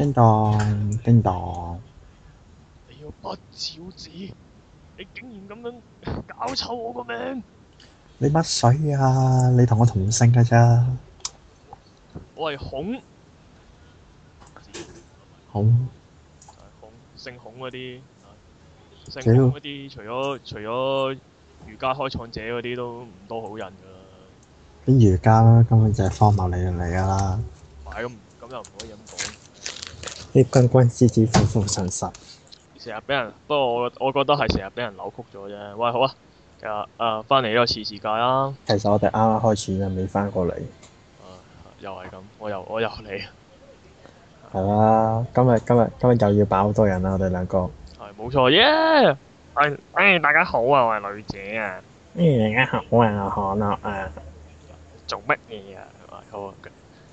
叮當，叮噹！你要不招字？你竟然咁樣搞臭我個名？你乜水啊？你同我同姓噶咋？我係，孔，孔，孔，姓孔嗰啲，姓孔嗰啲，除咗除咗儒家開創者嗰啲都唔多好人噶啦。咁儒家啦，根本就係荒謬理論嚟噶啦。咁咁又唔可以咁講。啲君君子子，父父臣臣，成日俾人不過我，我覺得係成日俾人扭曲咗啫。喂，好啊，其實誒，翻嚟呢個時事界啦。其實我哋啱啱開始啫，未翻過嚟、呃。又係咁，我又我又嚟。係 啦，今日今日今日又要擺好多人啦，我哋兩個。係冇錯耶！誒、yeah! 誒、啊嗯，大家好啊，我係女姐啊。誒、嗯，大家好啊，我係阿做乜嘢啊？好啊。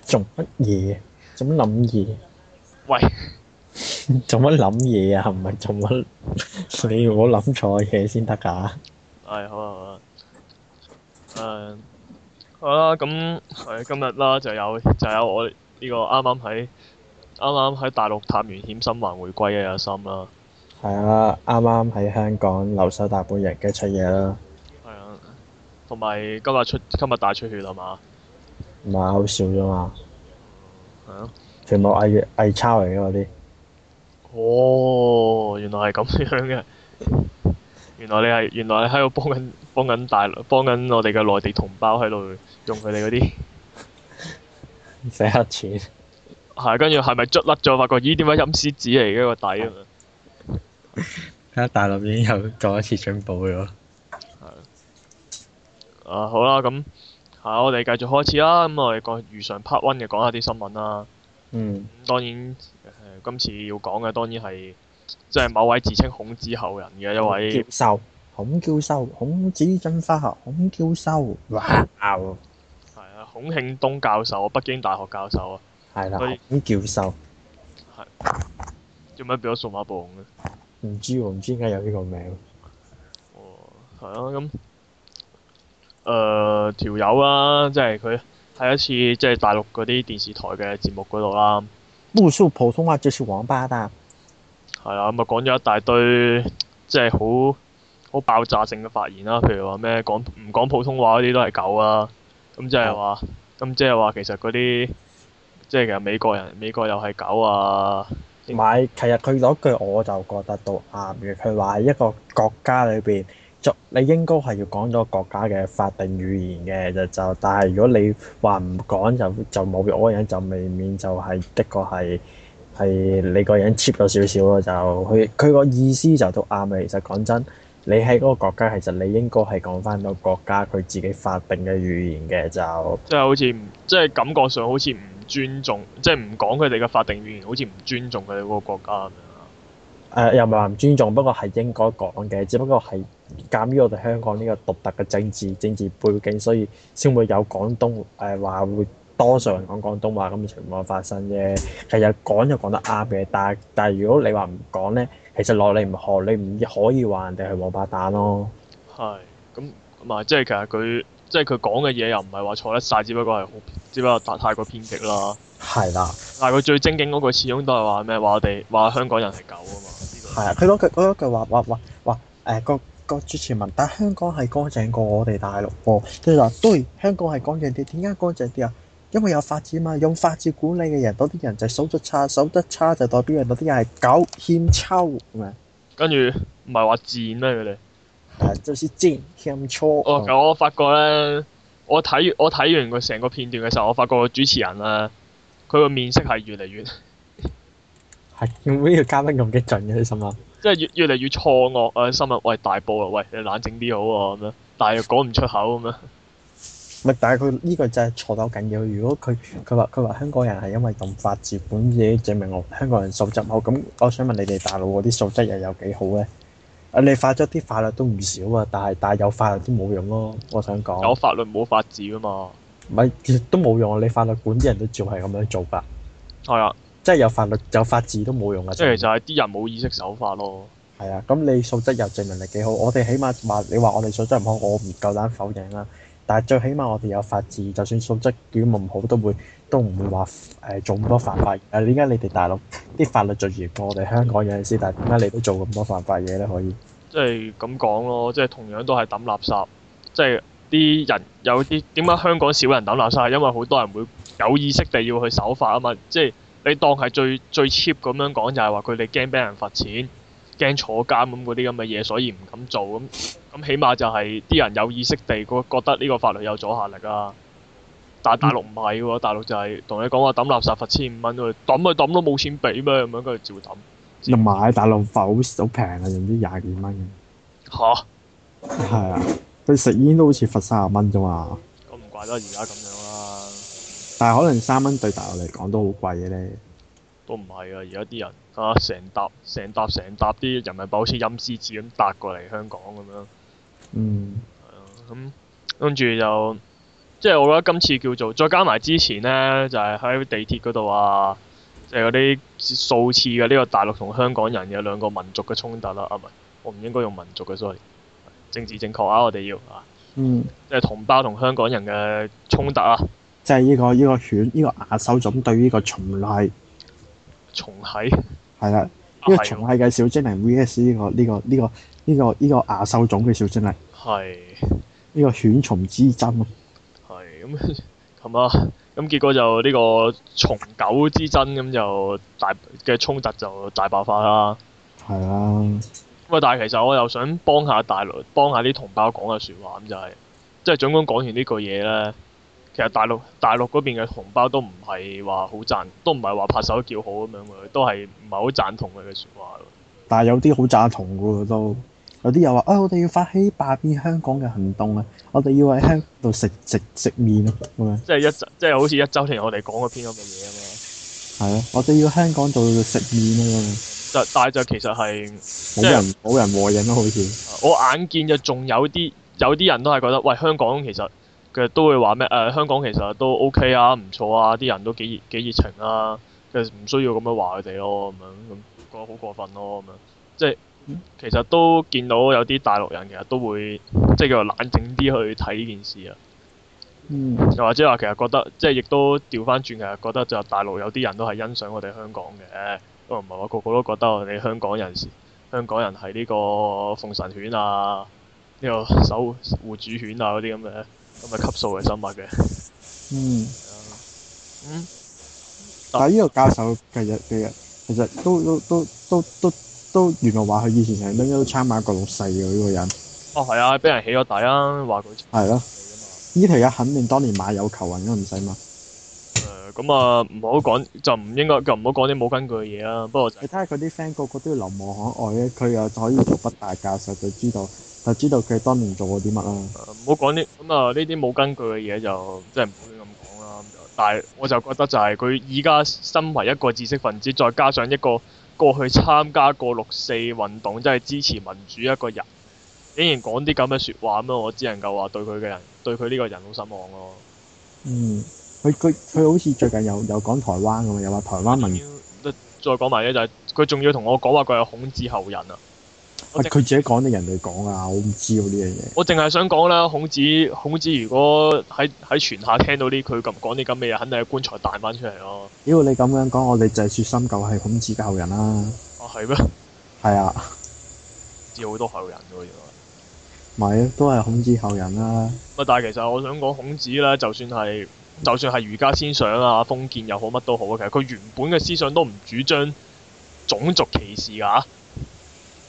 做乜嘢？做乜諗嘢？喂，做乜諗嘢啊？唔係做乜？ 你唔好諗錯嘢先得噶係好啊好啊。誒，好啦，咁喺、嗯嗯嗯嗯、今日啦，就有就有我呢個啱啱喺啱啱喺大陸探完險，生還回歸嘅阿心啦。係啊，啱啱喺香港留守大本營嘅出嘢啦。係啊，同埋今日出，今日大出血係嘛？唔係、嗯、好少啫嘛。係啊、嗯。嗯全部偽偽鈔嚟㗎嗰啲。蟻蟻哦，原來係咁樣嘅。原來你係原來你喺度幫緊幫緊大陸幫緊我哋嘅內地同胞喺度用佢哋嗰啲洗黑錢。係，跟住係咪卒甩咗？發覺咦？點解飲獅子嚟嘅個底啊？而家 大陸已經又再一次進步咗。係 啊好啦，咁係、啊、我哋繼續開始啦。咁我哋講如常 part one 就講下啲新聞啦。嗯，當然、呃，今次要講嘅當然係即係某位自稱孔子後人嘅一位教授，孔教授，孔子進化學，孔教授，哇！係啊、嗯嗯嗯，孔慶東教授啊，北京大學教授啊，係啦的，以孔教授，係做乜俾我數碼暴龍嘅？唔知喎，唔知點解有呢個名。哦，係啊，咁誒條友啊，即係佢。係一次即係、就是、大陸嗰啲電視台嘅節目嗰度啦。唔說普通話就是王八蛋。係啊，咁啊講咗一大堆，即係好好爆炸性嘅發言啦。譬如話咩講唔講普通話嗰啲都係狗啊。咁即係話，咁即係話其實嗰啲，即係其實美國人美國又係狗啊。唔係，其實佢嗰句我就覺得都啱嘅。佢話一個國家裏邊。你應該係要講咗國家嘅法定語言嘅就就，但係如果你話唔講就就冇我個人就未免就係、係、的確係係你個人 cheap 咗少少咯，就佢佢個意思就都啱嘅。其實講真，你喺嗰個國家，其實你應該係講翻到國家佢自己法定嘅語言嘅就。即係好似即係感覺上好似唔尊重，即係唔講佢哋嘅法定語言，好似唔尊重佢哋嗰個國家咁、呃、又唔係話唔尊重，不過係應該講嘅，只不過係。鑑於我哋香港呢個獨特嘅政治政治背景，所以先會有廣東誒話會多數人講廣東話咁嘅情況發生啫，其實講就講得啱嘅，但係但係如果你話唔講咧，其實攞你唔學，你唔可以話人哋係王八蛋咯。係、啊。咁唔係即係其實佢即係佢講嘅嘢又唔係話錯得晒，只不過係只不過太過偏激啦。係啦、啊。但係佢最正經嗰句始終都係話咩？話我哋話香港人係狗啊嘛。係啊，佢講句講一句話話個主持人，但香港係乾淨過我哋大陸喎。佢、哦、就是、對，香港係乾淨啲，點解乾淨啲啊？因為有法治嘛，用法治管理嘅人多啲人，人就素質差，素質差就代表人有啲人係狗欠抽，係咪？跟住唔係話賤咩佢哋？就係賤欠抽。哦，我發覺咧，我睇我睇完個成個片段嘅時候，我發覺個主持人啊，佢個面色係越嚟越係點解要加得咁激進嘅啲新聞？你即係越嚟越錯愕啊！心諗，喂大波啊，喂你冷靜啲好喎咁樣，但係又講唔出口咁樣。唔係，但係佢呢個就係錯到緊要。如果佢佢話佢話香港人係因為咁法治管嘢，本證明我香港人素質好。咁我，我想問你哋大陸嗰啲素質又有幾好咧？啊，你發咗啲法律都唔少啊，但係但係有法律都冇用咯。我想講有法律冇法治啊嘛。唔係，其實都冇用啊！你法律管啲人都照係咁樣做法。係啊。即係有法律有法治都冇用啊！即係就係啲人冇意識守法咯。係啊，咁你素質又證明你幾好。我哋起碼話你話我哋素質唔好，我唔夠膽否認啦。但係最起碼我哋有法治，就算素質點冇唔好，都會都唔會話誒、呃、做咁多犯法。誒點解你哋大陸啲法律就嚴過我哋香港有陣時，但係點解你都做咁多犯法嘢咧？可以即係咁講咯，即係同樣都係抌垃圾。即係啲人有啲點解香港少人抌垃圾？因為好多人會有意識地要去守法啊嘛。即係。你當係最最 cheap 咁樣講，就係話佢哋驚俾人罰錢，驚坐監咁嗰啲咁嘅嘢，所以唔敢做咁。咁起碼就係啲人有意識地覺得呢個法律有阻嚇力啊。但係大陸唔係喎，大陸就係同你講話抌垃圾罰千五蚊喎，抌咪抌，都冇錢俾咩咁樣，跟住照抌。又買大陸罰好好平啊，唔知廿幾蚊。嚇！係啊，佢食煙都好似罰卅蚊咋嘛？咁唔怪得而家咁樣、啊但係可能三蚊對大陸嚟講都好貴嘅咧，都唔係啊！而家啲人啊，成沓成沓成沓啲人民幣好似陰司紙咁搭過嚟香港咁樣嗯、啊，嗯，係啊，咁跟住就即係我覺得今次叫做再加埋之前呢，就係、是、喺地鐵嗰度啊，就嗰、是、啲數次嘅呢個大陸同香港人有兩個民族嘅衝突啦、啊。啊唔係，我唔應該用民族嘅，sorry，政治正確啊！我哋要啊，嗯，即係同胞同香港人嘅衝突啊。就係呢個呢個犬呢個亞獸種對於呢個蟲蟻，蟲蟻係啦，呢個蟲蟻嘅小精靈 V.S 呢個呢個呢個呢個呢個亞獸種嘅小精靈，係呢個犬蟲之爭，係咁啊。咁結果就呢個蟲狗之爭，咁就大嘅衝突就大爆發啦，係啊，喂、嗯嗯、但係其實我又想幫下大陸幫下啲同胞講下説話咁，就係，即係，總共講完呢句嘢咧。其實大陸大陸嗰邊嘅同胞都唔係話好讚，都唔係話拍手叫好咁樣喎，都係唔係好贊同佢嘅説話咯。但係有啲好贊同嘅都，有啲又話：啊、哎，我哋要發起霸佔香港嘅行動啊！我哋要喺香度食食食麵啊咁樣。即係一即係好似一周前我哋講嗰篇咁嘅嘢啊嘛。係咯，我哋要香港度食麵啊嘛。就但係就其實係冇人冇、就是、人和應咯，好似。我眼見就仲有啲有啲人都係覺得，喂，香港其實。其實都會話咩誒？香港其實都 OK 啊，唔錯啊，啲人都幾熱幾熱情啊，其實唔需要咁樣話佢哋咯，咁樣咁覺得好過分咯，咁樣即係其實都見到有啲大陸人其實都會即係叫做冷靜啲去睇呢件事啊。嗯。又或者話其實覺得即係亦都調翻轉，其實覺得就大陸有啲人都係欣賞我哋香港嘅，不過唔係話個個都覺得我哋香港人士、香港人係呢個奉神犬啊，呢個守護主犬啊嗰啲咁嘅。咁咪級數嘅生物嘅，嗯， 嗯，但係呢個教授嘅日其實其實都都都都都都原來話佢以前係咩都參買一個六世嘅呢、這個人，哦係啊，俾人起咗底啊，話佢，係咯，呢條嘢肯定當年馬有球運嘅唔使嘛，誒咁啊唔好講就唔應該就唔好講啲冇根據嘅嘢啊，不過、就是、你睇下佢啲 friend 個個都要流亡可愛咧，佢又可以做北大教授，就知道。就知道佢當年做過啲乜啦。唔好講啲咁啊，呢啲冇根據嘅嘢就真係唔好亂咁講啦。但係我就覺得就係佢而家身為一個知識分子，再加上一個過去參加過六四運動，即係支持民主一個人，竟然講啲咁嘅説話咁，我只能夠話對佢嘅人，對佢呢個人好失望咯。嗯，佢佢佢好似最近又又講台灣咁，又話台灣民，再講埋咧就係佢仲要同我講話佢係孔子後人啊。佢、啊、自己講啲人哋講啊，我唔知道呢樣嘢。我淨係想講啦，孔子，孔子如果喺喺泉下聽到啲，佢咁講啲咁嘅嘢，肯定係棺材彈翻出嚟咯。如果你咁樣講，我哋就係説深究係孔子後人啦。哦，係咩？係啊，知好多後人嘅啫嘛。咪都係孔子後人啦。咪但係其實我想講孔子啦，就算係就算係儒家思想啊，封建又好，乜都好啊，其實佢原本嘅思想都唔主張種族歧視㗎。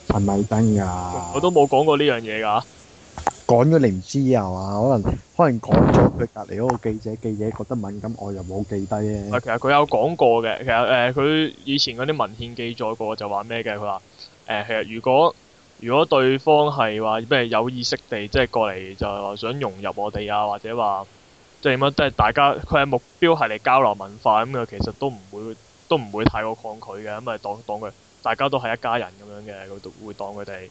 係咪真噶，啊？我都冇講過呢樣嘢噶，講咗你唔知呀嘛，可能可能講咗俾隔籬嗰個記者，記者覺得敏感我又冇記低咧。其實佢有講過嘅，其實誒，佢以前嗰啲文獻記載過就話咩嘅，佢話誒，其實如果如果對方係話咩有意識地即係、就是、過嚟就想融入我哋啊，或者話即係點啊，即、就、係、是、大家佢係目標係嚟交流文化咁嘅，其實都唔會都唔會太過抗拒嘅，咁咪當當佢。大家都係一家人咁樣嘅，會當佢哋，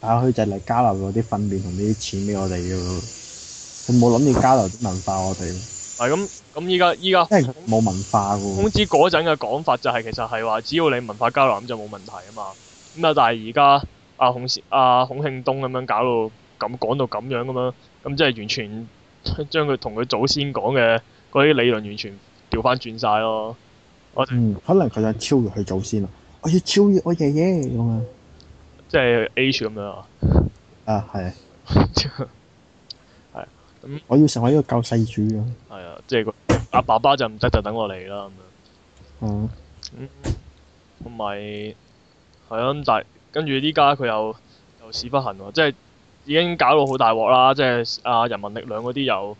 但係佢就嚟交流嗰啲分別同呢啲錢俾我哋嘅，佢冇諗住交流啲文化我哋。係咁咁依家依家，冇文化嘅。孔子嗰陣嘅講法就係、是、其實係話，只要你文化交流咁就冇問題啊嘛。咁啊，但係而家阿孔先、啊、孔慶東咁樣搞到咁講到咁樣咁樣，咁即係完全將佢同佢祖先講嘅嗰啲理論完全調翻轉晒咯。嗯，可能佢就超越佢祖先啊。我要超越我爺爺咁樣，即係 H 咁樣啊，啊係，係 的，咁、嗯、我要成為一個救世主啊，係啊，即係阿爸爸就唔得就等我嚟啦咁樣，嗯，同埋係啊。但係跟住呢家佢又又屎不行喎，即係已經搞到好大鑊啦，即係阿、啊、人民力量嗰啲又。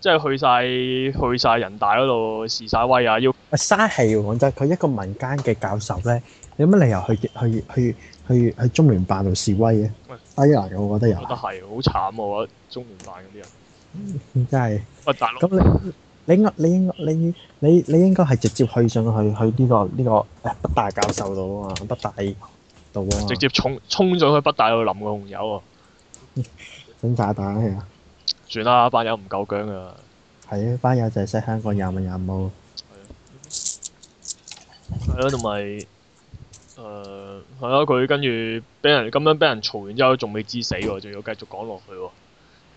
即係去曬去曬人大嗰度示曬威啊！要啊，嘥氣喎講真，佢一個民間嘅教授咧，你有乜理由去去去去去中聯辦度示威嘅？誒，哎呀，我覺得有，覺得係，好慘喎！我覺得中聯辦嗰啲人，真係。喂，大佬，咁你你應你應你你你應該係直接去上去去呢個呢個誒北大教授度啊，北大度啊，直接衝衝上去北大度淋個紅油喎，炸彈係啊！算啦，班友唔夠強啊！係啊，班友就係識香港廿蚊廿毛。係啊，同埋誒係咯，佢、呃、跟住俾人咁樣俾人嘈完之後，仲未知死喎，仲要繼續講落去喎。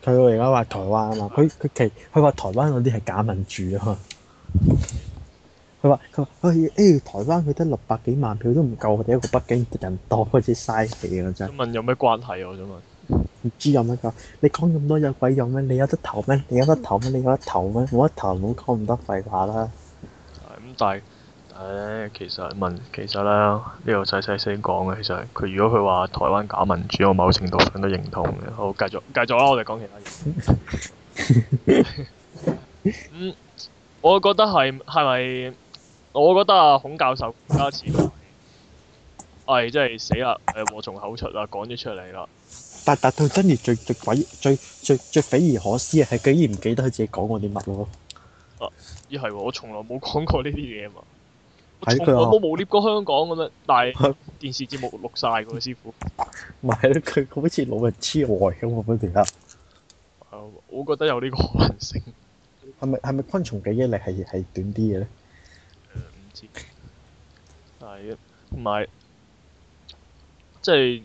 佢而家話台灣啊嘛，佢佢其佢話台灣嗰啲係假民主啊嘛。佢話佢話誒，台灣佢得六百幾萬票都唔夠我哋一個北京人多，開始嘥氣啊真係。問有咩關係啊？我想問。唔知有乜講？你講咁多有鬼用咩？你有得投咩？你有得投咩？你有得投咩？我一投，你講唔得廢話啦。咁但係但其實民其實咧呢個細細聲講嘅，其實佢如果佢話台灣假民主，我某程度上都認同嘅。好，繼續繼續啦，我哋講其他嘢。咁我覺得係係咪？我覺得啊，是是得孔教授加錢。哎，真、就、係、是、死啦！哎，禍從口出啦，講咗出嚟啦。但係真兒最最鬼最最最匪夷所思啊！係竟然唔記得佢自己講過啲乜咯？啊，咦係喎！我從來冇講過呢啲嘢啊嘛，嗎我冇冇捏過香港咁樣，但係、啊、電視節目錄曬喎，啊、師傅父。唔係佢好似老人痴呆咁喎，佢、嗯、突、啊、我覺得有呢個可能性。係咪係咪昆蟲記憶力係係短啲嘅咧？唔知。係啊，同埋即係。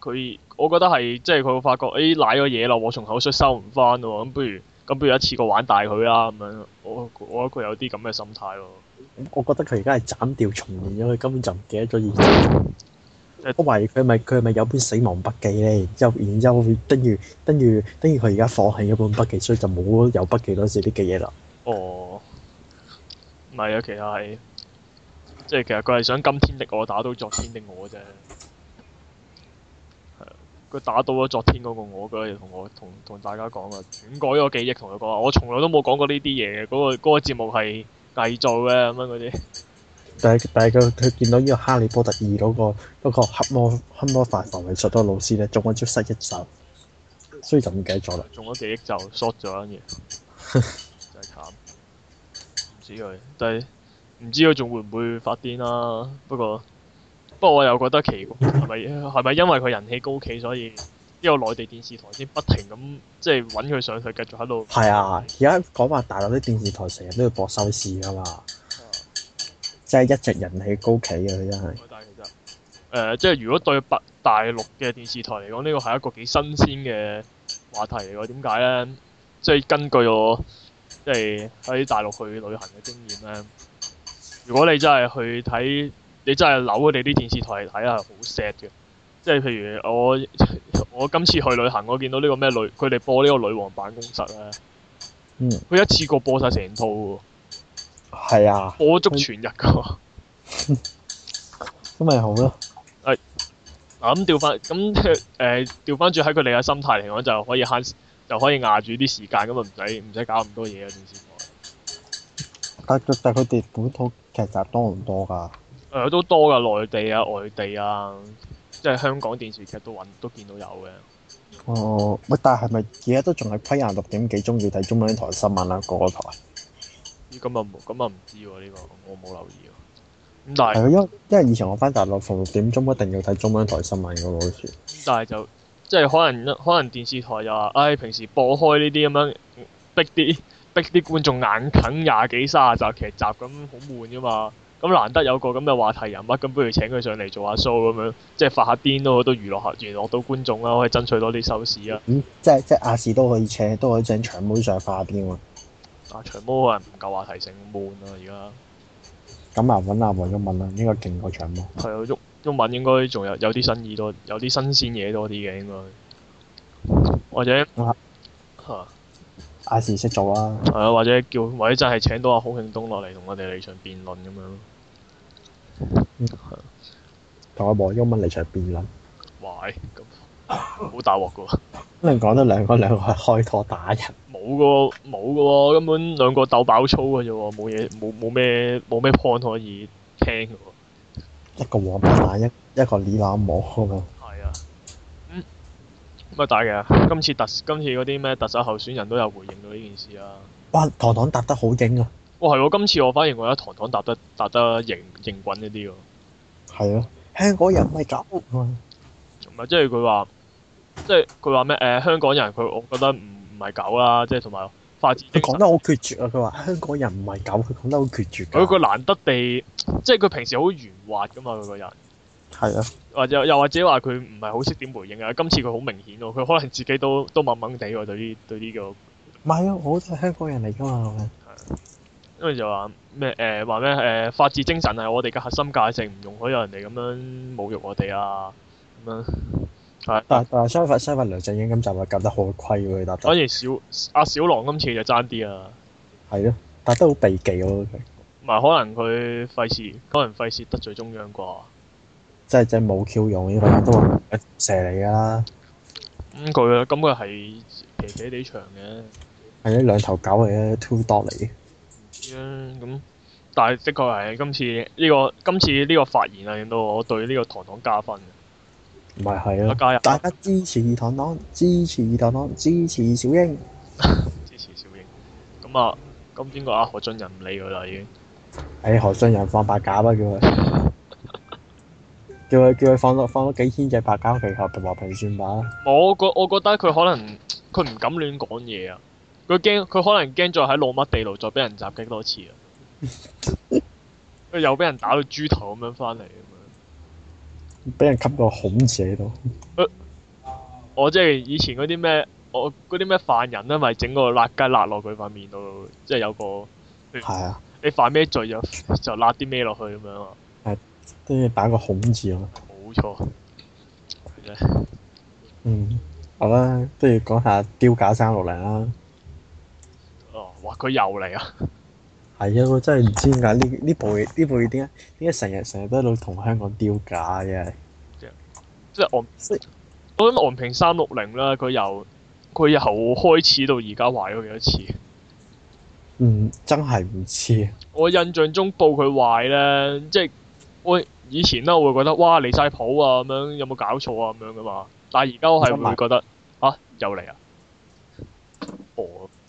佢我覺得係即係佢會發覺，哎瀨咗嘢咯，我從頭甩收唔翻喎，咁不如咁不如一次過玩大佢啦咁樣。我我，樣我覺得佢有啲咁嘅心態咯。我覺得佢而家係斬掉重現咗，佢根本就唔記得咗以前。唔係，佢係咪佢係咪有本死亡筆記咧？然之後然之後，跟住跟住跟住，佢而家放棄嗰本筆記，所以就冇有，有筆記多時啲嘅嘢啦。哦，唔係啊，其實係，即係其實佢係想今天的我打到昨天的我啫。佢打倒咗昨天嗰個我，佢同我同同大家講啊，篡改咗記憶，同佢講話，我從來都冇講過呢啲嘢嘅，嗰個嗰個節目係偽造嘅咁樣嗰啲。但係但係佢佢見到呢個《哈利波特二》嗰個嗰個黑魔黑魔法防衛術嗰個老師咧，中咗招失憶咒，所以就唔記得咗啦。中咗記憶就 short 咗跟住。真係慘，唔知佢，但係唔知佢仲會唔會發癲啦、啊？不過。 不過我又覺得奇怪，係咪係咪因為佢人氣高企，所以呢個內地電視台先不停咁即係揾佢上台，繼續喺度。係啊， 而家講話大陸啲電視台成日都要博收視啊嘛，啊即係一直人氣高企嘅。佢真係、嗯。但係其實，誒、呃，即係如果對大陸嘅電視台嚟講，呢個係一個幾新鮮嘅話題嚟㗎。點解呢？即係根據我即係喺大陸去旅行嘅經驗呢，如果你真係去睇。你真係扭佢哋啲電視台嚟睇係好 sad 嘅，即係譬如我我今次去旅行，我見到呢個咩女，佢哋播呢個《女王辦公室》啊、嗯，佢一次過播晒成套喎，係啊，播足全日嘅，咁咪、嗯嗯嗯 嗯、好咯，咁調翻咁誒調翻轉喺佢哋嘅心態嚟講，就可以慳就可以壓住啲時間，咁啊唔使唔使搞咁多嘢啊電視台，但但佢哋本土劇集多唔多㗎？誒、呃、都多㗎，內地啊、外地啊，即係香港電視劇都都見到有嘅。哦，喂，但係咪而家都仲係規定六點幾鐘要睇中央台新聞啦、啊？嗰、那個、台？咁啊咁啊唔知喎呢個，我冇留意喎、啊。但係因因為以前我返大陸逢六點鐘一定要睇中央台新聞嘅、啊、喎，好似。但係就即係可能可能電視台又話，唉、哎，平時播開呢啲咁樣逼啲逼啲觀眾眼瞓廿幾三十集劇集咁好悶㗎嘛。咁難得有個咁嘅話題人物，咁不如請佢上嚟做下 show 咁樣，即係發下癲都都娛樂下，娛樂到觀眾啦，可以爭取多啲收視啊！咁、嗯、即係即係亞視都可以請，都可以請長毛上去發下癲喎。啊！長毛可能唔夠話題性，悶啊而家。咁啊，揾阿黃毓民啊，應該勁過長毛。係啊，毓毓民應該仲有有啲新意多，有啲新鮮嘢多啲嘅應該。或者嚇嚇亞視識做啊！係啊，或者叫或者真係請到阿孔慶東落嚟同我哋嚟場辯論咁樣。同阿黃毓民嚟場辯論，喂，咁好大鑊噶喎！可能講得兩個兩個係開拖打人，冇噶喎，冇噶喎，根本兩個鬥爆粗噶啫，冇嘢，冇冇咩冇咩 point 可以聽噶喎。一個黃眼一一個李爛膜咁。係啊，咁乜大嘅？今次特今次啲咩特首候選人都有回應到呢件事啊！哇，堂堂答得好勁啊！哇、哦，係我今次我反而覺得堂堂答得答得認認滾一啲噶。係啊，香港人唔係狗唔係、嗯嗯、即係佢話，即係佢話咩？誒、呃、香港人佢，我覺得唔唔係狗啦，即係同埋發展。佢講得好決絕啊！佢話香港人唔係狗，佢講得好決絕啊。佢個難得地，即係佢平時好圓滑噶嘛，佢個人。係啊，或者又或者話佢唔係好識點回應啊？今次佢好明顯喎，佢可能自己都都掹掹地喎對呢對呢個。唔係啊，我好似係香港人嚟噶嘛。因為就話咩，誒，話咩，誒，法治精神係我哋嘅核心價值，唔容許有人哋咁樣侮辱我哋啊！咁樣係，但但相反相反，相反梁振英咁就話夾得好虧喎，佢答。反而小阿、啊、小郎今次就爭啲啊！係咯，但係都好避忌咯，唔係可能佢費事，可能費事得罪中央啩？即係真係冇橋用呢個都話蛇嚟噶啦。咁佢、嗯、啦，咁佢係斜斜地長嘅。係一兩頭狗嚟嘅 two dog 嚟嘅。啦咁，嗯，但係的確係今次呢，這個今次呢個發言啊，令到我對呢個糖糖加分。唔係咯，加油大家支持糖糖，支持糖糖，支持小英。 支持小英。咁啊，咁邊個啊？何俊仁唔理佢啦，已經。誒，哎，何俊仁放白鴿啦，叫佢。 叫佢，叫佢放多放多幾千隻白膠皮球，和平算罷啦。我覺我覺得佢可能佢唔敢亂講嘢啊。佢驚，佢可能驚咗喺老乜地牢再俾人襲擊多次啊！佢又俾人打到豬頭咁樣翻嚟咁啊！俾人吸個恐字喺度。我即係以前嗰啲咩，我嗰啲咩犯人咧，咪整個辣雞辣落佢塊面度，即係有個。係啊！你犯咩罪就就辣啲咩落去咁樣咯。係，都要打個恐字咯。冇錯。 嗯，好啦，不如講下丟架山落嚟啦。哇！佢又嚟啊！係啊，我真係唔知點解呢呢部嘢呢部嘢點解點解成日成日都喺度同香港丟架嘅。即係、嗯、以我係昂我諗昂坪三六零啦，佢由佢又開始到而家壞咗幾多次？嗯，真係唔知。我印象中報佢壞咧，即係我以前咧，我會覺得哇離晒譜啊咁樣，有冇搞錯啊咁樣啊嘛。但係而家我係會覺得、嗯、啊，又嚟啊！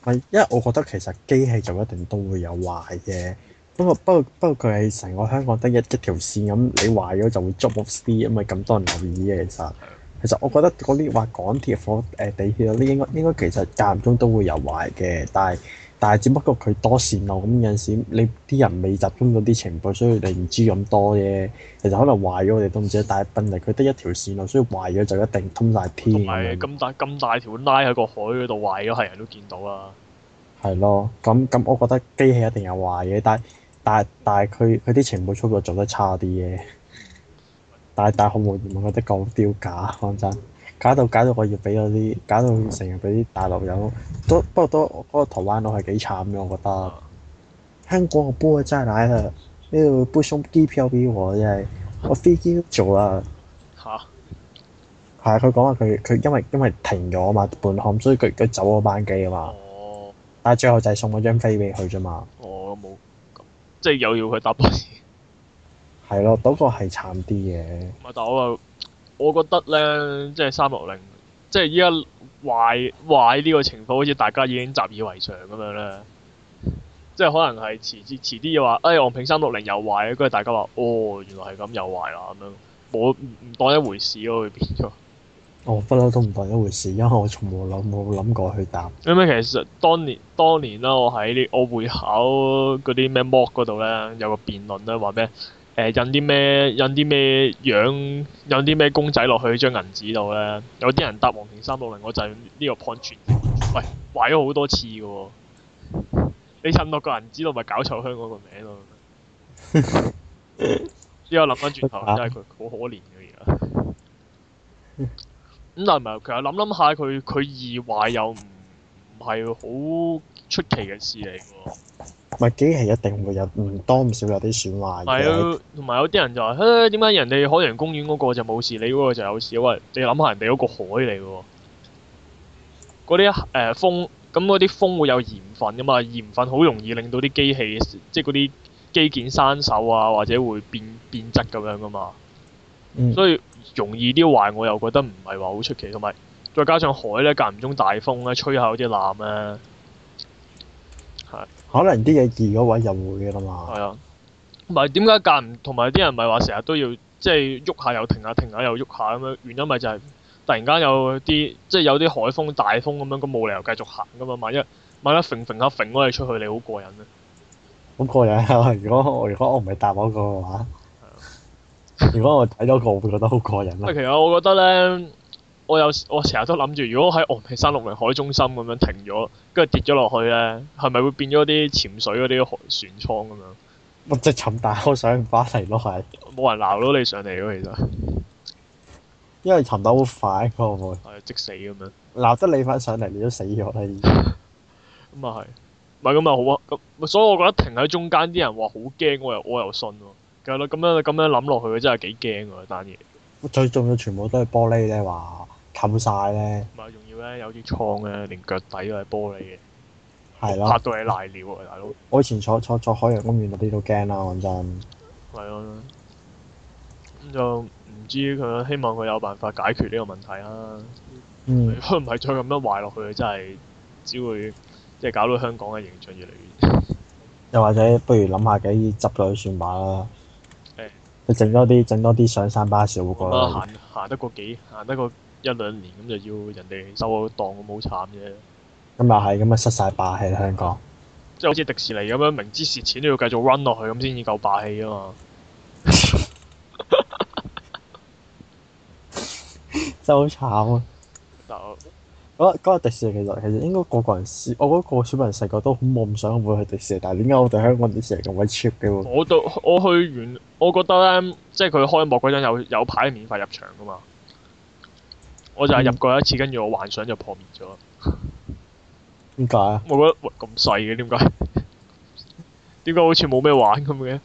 係，因為我覺得其實機器就一定都會有壞嘅，不過不過不過佢係成個香港得一一條線咁，你壞咗就會觸目啲，因為咁多人留意嘅。其實其實我覺得嗰啲話港鐵火誒地鐵嗰啲應該應該其實間中都會有壞嘅，但係。但係只不過佢多線路，咁有陣時你啲人未集中到啲情報，所以你唔知咁多啫。其實可能壞咗，我哋都唔知。但係問題佢得一條線路，所以壞咗就一定通晒天。咁大咁大條拉喺個海嗰度壞咗，係人都見到啦。係咯，咁咁我覺得機器一定有壞嘅，但係但係但係佢佢啲情報速度做得差啲嘅。但係但係好冇，我覺得講丟架？講真。搞到搞到我要畀嗰啲，搞到成日俾啲大陸人，多不過都嗰個台灣佬係幾慘嘅，我覺得。香港個波真係賴呢度要送飛機票俾我，真係我飛機都做啦。嚇哈！係啊，佢講話佢佢因為因為停咗啊嘛，半航，所以佢佢走嗰班機啊嘛。哦！但係最後就係送嗰張飛俾佢啫嘛。我冇、哦，即係又要佢搭飛。係咯， 嗰個係慘啲嘅。咪打咯！我覺得呢，即係三六零，即係依家壞壞呢個情況，好似大家已經習以為常咁樣呢，即係可能係遲啲，遲啲又話，哎、欸，昂坪三六零又壞，跟住大家話，哦，原來係咁，又壞啦咁樣，我唔唔當一回事咯，會變咗。我不嬲都唔當一回事，因為我從冇冇諗過去答。因為其實當年當年啦，我喺我會考嗰啲咩 mock 嗰度呢，有個辯論呢話咩？印啲咩？印啲咩樣？印啲咩公仔落去張銀紙度咧？有啲人搭黃平三六零，我就呢個 point 轉，喂，壞咗好多次嘅喎、哦。你襯到個銀紙度咪搞臭香港個名咯？之後諗翻轉頭，真係佢好可憐嘅而家。咁、 嗯、但係唔係？其實諗諗下，佢佢易壞又唔唔係好出奇嘅事嚟嘅、哦。咪機器一定會有唔多唔少有啲損壞。係啊，同埋有啲人就話：誒點解人哋海洋公園嗰個就冇事，你嗰個就有事？喂，你諗下，人哋嗰個海嚟嘅喎，嗰啲誒風，咁嗰啲風會有鹽分㗎嘛，鹽分好容易令到啲機器，即係嗰啲機件生鏽啊，或者會變變質咁樣㗎嘛。嗯、所以容易啲壞，我又覺得唔係話好出奇。同埋再加上海咧，間唔中大風咧，吹下嗰啲浪咧。可能啲嘢移嗰位入會嘅啦嘛。係啊，唔係點解間唔同埋啲人唔係話成日都要即係喐下又停下，停下又喐下咁樣？原因咪就係突然間有啲即係有啲海風大風咁樣，咁冇理由繼續行噶嘛？萬一萬一揈揈下揈嗰，你出去，你好過癮啊！好過癮啊！如果我如果我唔係答嗰個嘅話，如果我睇咗個，我會覺得好過癮咯。啊，其實我覺得咧。我有我成日都諗住，如果喺峨眉山六零海中心咁樣停咗，跟住跌咗落去咧，係咪會變咗啲潛水嗰啲船艙咁樣？即沉大我即係沉大上唔翻嚟咯，係冇人鬧到你上嚟咯，其實因為沉得好快，啊，我唔會即死咁樣鬧得你翻上嚟，你都死咗啦。咁啊係咪咁啊好啊咁，所以我覺得停喺中間啲人話好驚，我又我又信咯。咁樣咁樣諗落去，真係幾驚啊！呢單嘢最重要全部都係玻璃啫，話。冚晒咧，唔係仲要咧，有啲創嘅，連腳底都係玻璃嘅，係咯了，拍到你瀨尿啊！大佬，我以前坐坐坐，坐海洋公園嗰啲都驚啦，講真。係咯，咁就唔知佢，希望佢有辦法解決呢個問題啦。嗯。如果唔係再咁樣壞落去，真係只會即係搞到香港嘅形象越嚟越。又或者，不如諗下幾執落去算把啦。誒對。你整多啲，整多啲上山巴士會好啲。行行得個幾，行得個。一兩年咁就要人哋收我檔，好冇慘啫。咁又係，咁咪失晒霸氣啦，香港 即係好似迪士尼咁樣，明知蝕錢都要繼續 run 落去，咁先至夠霸氣啊嘛。真係好慘啊！就嗰個迪士尼其實其實應該個個人試，我覺得個小朋友細個都好夢想會去迪士尼，但係點解我哋香港迪士尼咁鬼 cheap 嘅 喎？我都我去完，我覺得咧，即係佢開幕嗰陣有有牌免費入場噶嘛。我就係入過一次，跟住我幻想就破滅咗。點解啊？我覺得喂咁細嘅點解？點解 好似冇咩玩咁嘅？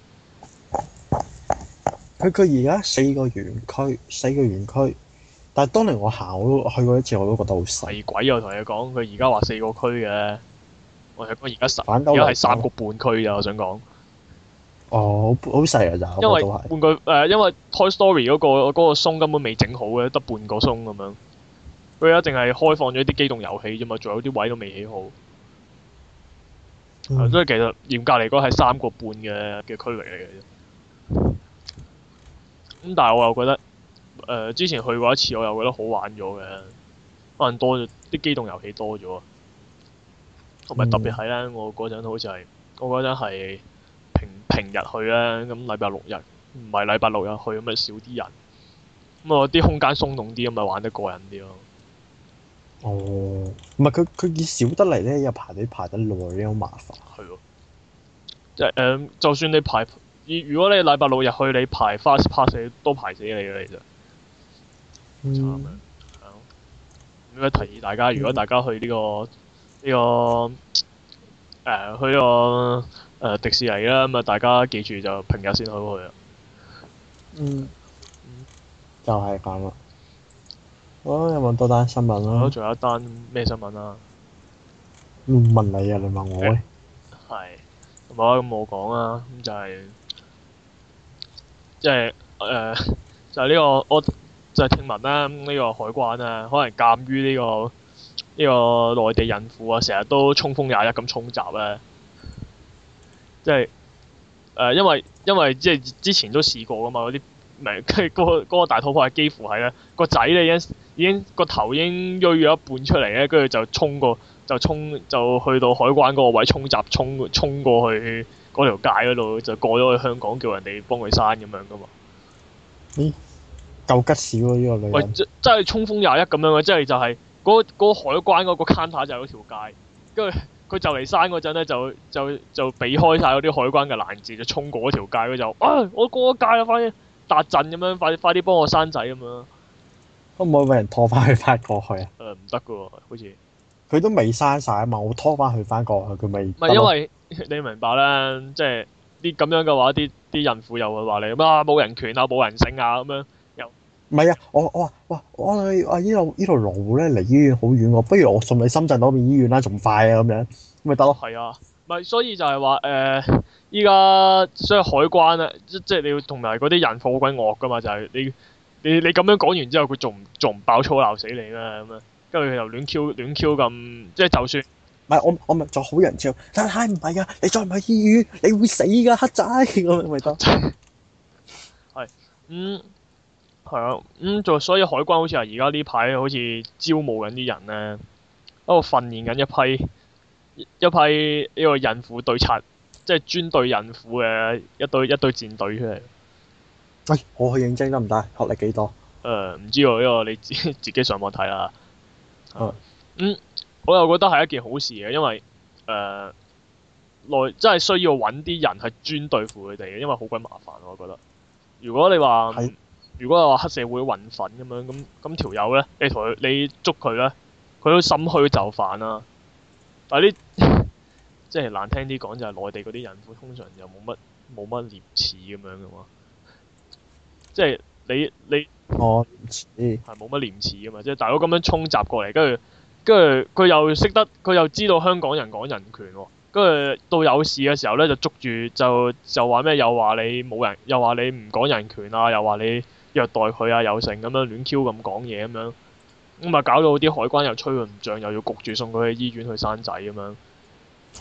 佢佢而家四個園區，四個園區。但係當年我行我去過一次，我都覺得好細鬼。又同你講佢而家話四個區嘅，我而家細，而家係三個半區咋，我想講。哦，好好細啊，就因為半個誒、呃，因為 Toy Story 嗰、個嗰、個松根本未整好嘅，得半個松咁樣，佢而家淨係開放咗啲機動遊戲啫嘛，仲有啲位都未起好，所以、嗯呃、其實嚴格嚟講係三個半嘅嘅區域嚟嘅，咁但係我又覺得誒、呃、之前去過一次我又覺得好玩咗嘅，可能多咗啲機動遊戲多咗，同埋特別係咧，我嗰陣好似係、嗯、我嗰陣係。平平日去啊，咁禮拜六日唔係禮拜六日去，咁咪少啲人，咁啊啲空間鬆動啲，咁咪玩得過癮啲咯。哦，唔係，佢佢見少得嚟咧，又排隊排得耐，好麻煩。係咯，即係誒、呃，就算你排，如果你禮拜六日去，你排 fast pass，都排死你㗎，其實。嗯。係咯，咁啊，提議大家，如果大家去呢個呢個。嗯這個誒，去個誒、呃、迪士尼啦，咁啊大家記住就平日先去好去啊。嗯，就係咁啦。好、哦，有冇多單新聞啊？我仲有一單咩新聞啊？問你啊，你問我咧。係。唔好咁我講啊，咁就係即係誒，就係、係、呢、就係呃就係呢個，我就係、係、聽聞啦，呢、呢個海關啊，可能鑒於呢個。呢個內地孕婦啊，成日都衝鋒廿一咁衝閘咧，啊，即係誒、呃，因為因為即係之前都試過噶嘛，嗰啲咪跟住嗰個大肚婆係幾乎係啦，個仔咧已經已經個頭已經鋥咗一半出嚟咧，跟住就衝過，就衝，就，衝就去到海關嗰個位衝閘，衝衝過去嗰條街嗰度就過咗去香港，叫人哋幫佢閂咁樣噶嘛？咦、欸！夠吉少啊，呢、這個女人！喂、欸，真係衝鋒廿一咁樣啊，即係就係，是。嗰個海關嗰個 counter 就係嗰條街，跟住佢就嚟生嗰陣咧，就就就避開晒嗰啲海關嘅攔截，就衝過嗰條街，佢就啊、哎，我過咗界啦，快啲搭陣咁樣，快快啲幫我生仔咁樣。可唔可以畀人拖翻去翻過去啊？誒、嗯，唔得嘅喎，好似佢都未生晒啊嘛，我拖翻去翻過去，佢未。唔係因為你明白啦，即係啲咁樣嘅話，啲啲孕婦又會話你啊冇人權啊，冇人性啊咁樣。唔係啊，我我話，哇，我阿啊依度依度路咧離醫院好遠喎、啊，不如我送你深圳嗰邊醫院啦，仲快啊咁樣，咪得咯。係啊，唔係所以就係話誒，依、呃、家所以海關啊，即即係你要同埋嗰啲人好鬼惡噶嘛，就係、是、你你你咁樣講完之後，佢仲唔仲唔爆粗鬧死你啦咁啊，跟住佢又亂 Q 亂 Q 咁，即係就算唔係我我咪做好人照，但係唔係啊，你再唔去醫院，你會死噶黑仔咁咪得。係黑仔， 嗯。係啊，咁就、嗯、所以海軍好似係而家呢排好似招募緊啲人咧，喺度訓練緊一批，一批呢個隱伏對策，即係專對隱伏嘅一堆一堆戰隊出嚟。喂、哎，我去應徵得唔得？學歷幾多？誒唔、呃、知喎，呢個你自自己上網睇啦。啊，嗯，我又覺得係一件好事嘅，因為誒內、呃、真係需要揾啲人係專對付佢哋嘅，因為好鬼麻煩我覺得。如果你話，如果係話黑社會混混咁樣，咁咁條友咧，你同佢你捉佢咧，佢都心虛就犯啦。但係啲 即係難聽啲講，就係、是、內地嗰啲人，通常又冇乜冇乜廉恥咁樣嘅嘛。即係你你係冇乜廉恥嘅嘛？即係大佬咁樣衝襲過嚟，跟住跟住佢又識得，佢又知道香港人講人權喎。跟住到有事嘅時候咧，就捉住就就話咩？又話你冇人，又話你唔講人權啊！又話你。虐待佢啊，又成咁樣亂 Q 咁講嘢咁樣，咁啊搞到啲海關又吹佢唔脹，又要焗住送佢去醫院去生仔咁樣。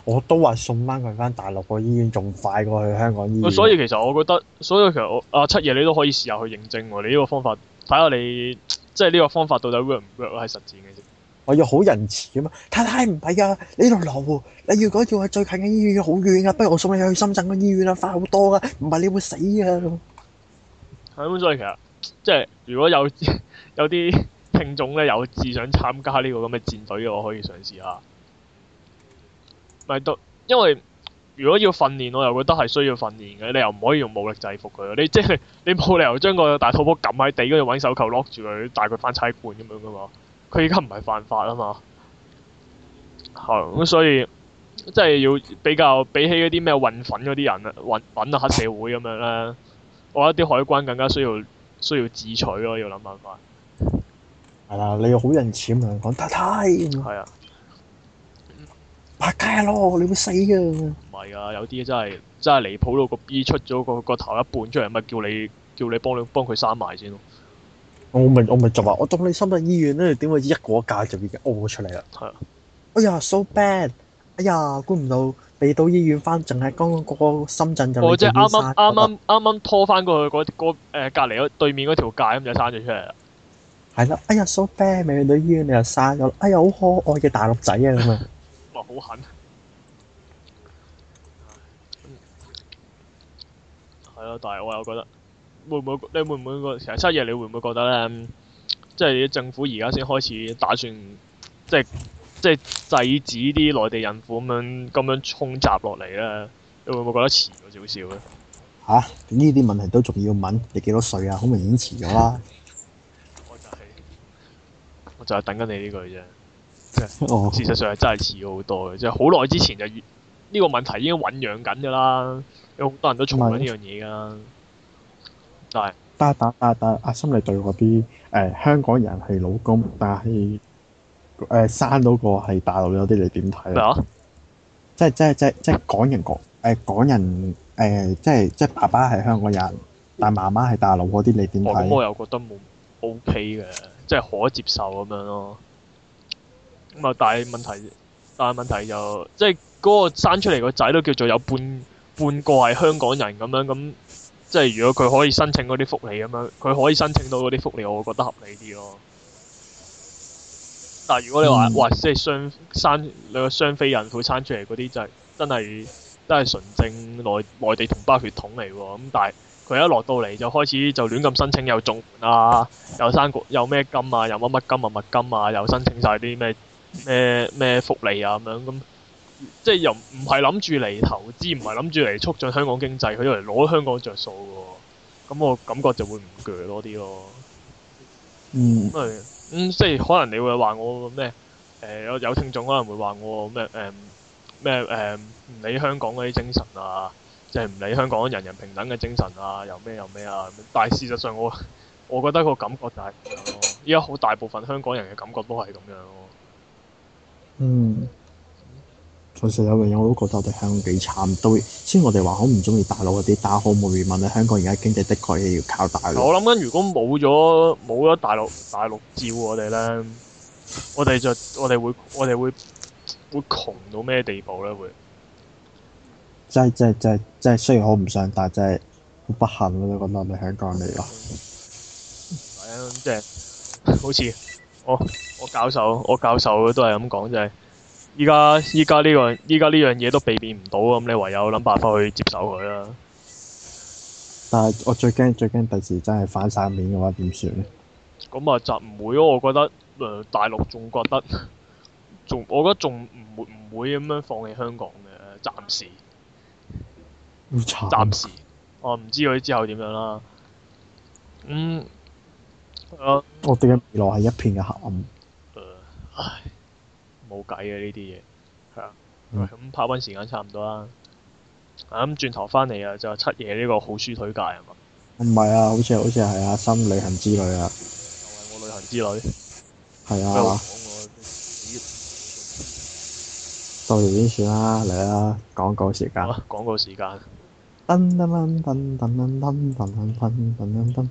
我都話送翻佢翻大陸個醫院，仲快過去香港醫院。所以其實我覺得，所以其實我啊七爺，你都可以試下去認證喎。你呢個方法睇下你即係呢個方法到底 work 唔 work 係實踐嘅啫。我要好仁慈啊嘛，太太唔係噶，你度羅湖，你要講要係最近嘅醫院，好遠噶、啊，不如我送你去深圳嘅醫院啊，快好多噶、啊，唔係你會死啊。係咁所以其實。即係如果有有啲聽眾咧，有志想參加呢個咁嘅戰隊，我可以嘗試下。咪係都因為如果要訓練，我又覺得係需要訓練嘅。你又唔可以用武力制服佢，你即係你冇理由將個大肚婆撳喺地嗰度搵手球，lock 住佢，帶佢翻差館咁樣噶嘛？佢而家唔係犯法啊嘛。係咁，所以即係要比較比起嗰啲咩運粉嗰啲人啊，運粉啊黑社會咁樣啦。我覺得啲海關更加需要。需要自取咯，要諗辦法係啦。 你好仁慈，唔好講太太。係啊，拍街咯，你會死噶。唔係啊，有啲真係真係離譜到個 B 出咗個個頭一半出嚟，咪叫你叫你幫佢幫佢刪埋先咯。我咪我咪就話我當你深圳醫院咧，點會一個架就已經屙出嚟啦？係啊。哎呀，so bad！哎呀，估唔到。未到醫院翻，仲係剛剛過深圳就俾即係啱啱啱啱啱啱拖翻過去嗰，誒，隔籬嗰對面嗰條界咁就生咗出嚟啦。係啦，哎呀，so bad，未去到醫院你又生咗，哎呀，好、哎、可愛嘅大陸仔啊咁啊。哇，好狠。係 咯，但係我又覺得會唔會你會唔會個成日失嘢你會唔會覺得咧，即係政府而家先開始打算即係。即係制止啲內地孕婦咁樣咁樣衝閘落嚟啦，你會唔會覺得遲咗少少咧？吓，呢啲問題都仲要問，你幾多歲啊？好明顯遲咗啦。我就係我就係等緊你呢句啫。哦。事實上係真係遲咗好多嘅，即係好耐之前就呢個問題已經醖釀緊噶啦，有好多人都重緊呢樣嘢噶。但係但係但但阿心你對嗰啲誒香港人係老公，但係。誒、呃，生到個係大陸嗰啲，你點睇咧？咩啊？即係即係即係即係港人港誒港人誒，即係即係爸爸係香港人，但係媽媽係大陸嗰啲，你點睇？哦、咁我又覺得冇 OK 嘅，即係可接受咁樣咯。咁啊，但係問題，但係問題就即係嗰個生出嚟個仔都叫做有半半個係香港人咁樣咁，即係如果佢可以申請嗰啲福利咁樣，佢可以申請到嗰啲福利，我會覺得合理啲咯、啊。但係如果你話，哇，即係雙生你個雙非孕婦生出嚟嗰啲，就係、是、真係真係純正內內地同胞血統嚟喎。咁但係佢一落到嚟就開始就亂咁申請又綜援啊，又生谷又咩金啊，又乜乜金啊物金啊，又申請晒啲咩咩咩福利啊咁樣咁，即係又唔係諗住嚟投資，唔係諗住嚟促進香港經濟，佢都嚟攞香港着數喎。咁我感覺就會唔鋸多啲咯。嗯，咁即係可能你會話我咩？誒、呃、有有聽眾可能會話我咩？誒咩誒唔理香港嗰啲精神啊，即係唔理香港人人平等嘅精神啊，又咩又咩啊？但係事實上我我覺得個感覺就係咁樣咯，依家好大部分香港人嘅感覺都係咁樣咯。嗯。我成日有樣嘢，我都覺得我哋香港幾慘，都雖然我哋話好唔中意大陸嗰啲，但好唔會問你。香港而家經濟的確要靠大陸。我諗緊，如果冇咗冇咗大陸大陸照我哋咧，我哋就我哋會我哋會會窮到咩地步咧？會、即係，即係即係即係即係，雖然好唔想，但係真係好不幸咯、啊。你覺得我哋香港嚟咯。係啊，即係好似我我教授我教授都係咁講，就係、是。依家依家呢個依家呢樣嘢都避免唔到，咁你唯有諗辦法去接受佢啦。但係我最驚最驚第時真係翻晒面嘅話，點算咧？咁啊、嗯，就唔會咯。我覺得誒、呃，大陸仲覺得，仲我覺得仲唔會唔會咁樣放棄香港嘅，暫時。暫慘時，我、呃、唔知佢之後點樣啦。嗯、呃、我我哋嘅未來係一片嘅黑暗。呃、唉。冇計嘅呢啲嘢，係啊，咁跑完時間差唔多啦。咁轉頭翻嚟啊，就七夜呢個好書推介係嘛？唔係啊，好似好似係阿心旅行之旅啊。又係我旅行之旅。係啊。到時邊算啦？嚟啦，廣告時間。廣告時間。登登登登登登登登登登登登登登。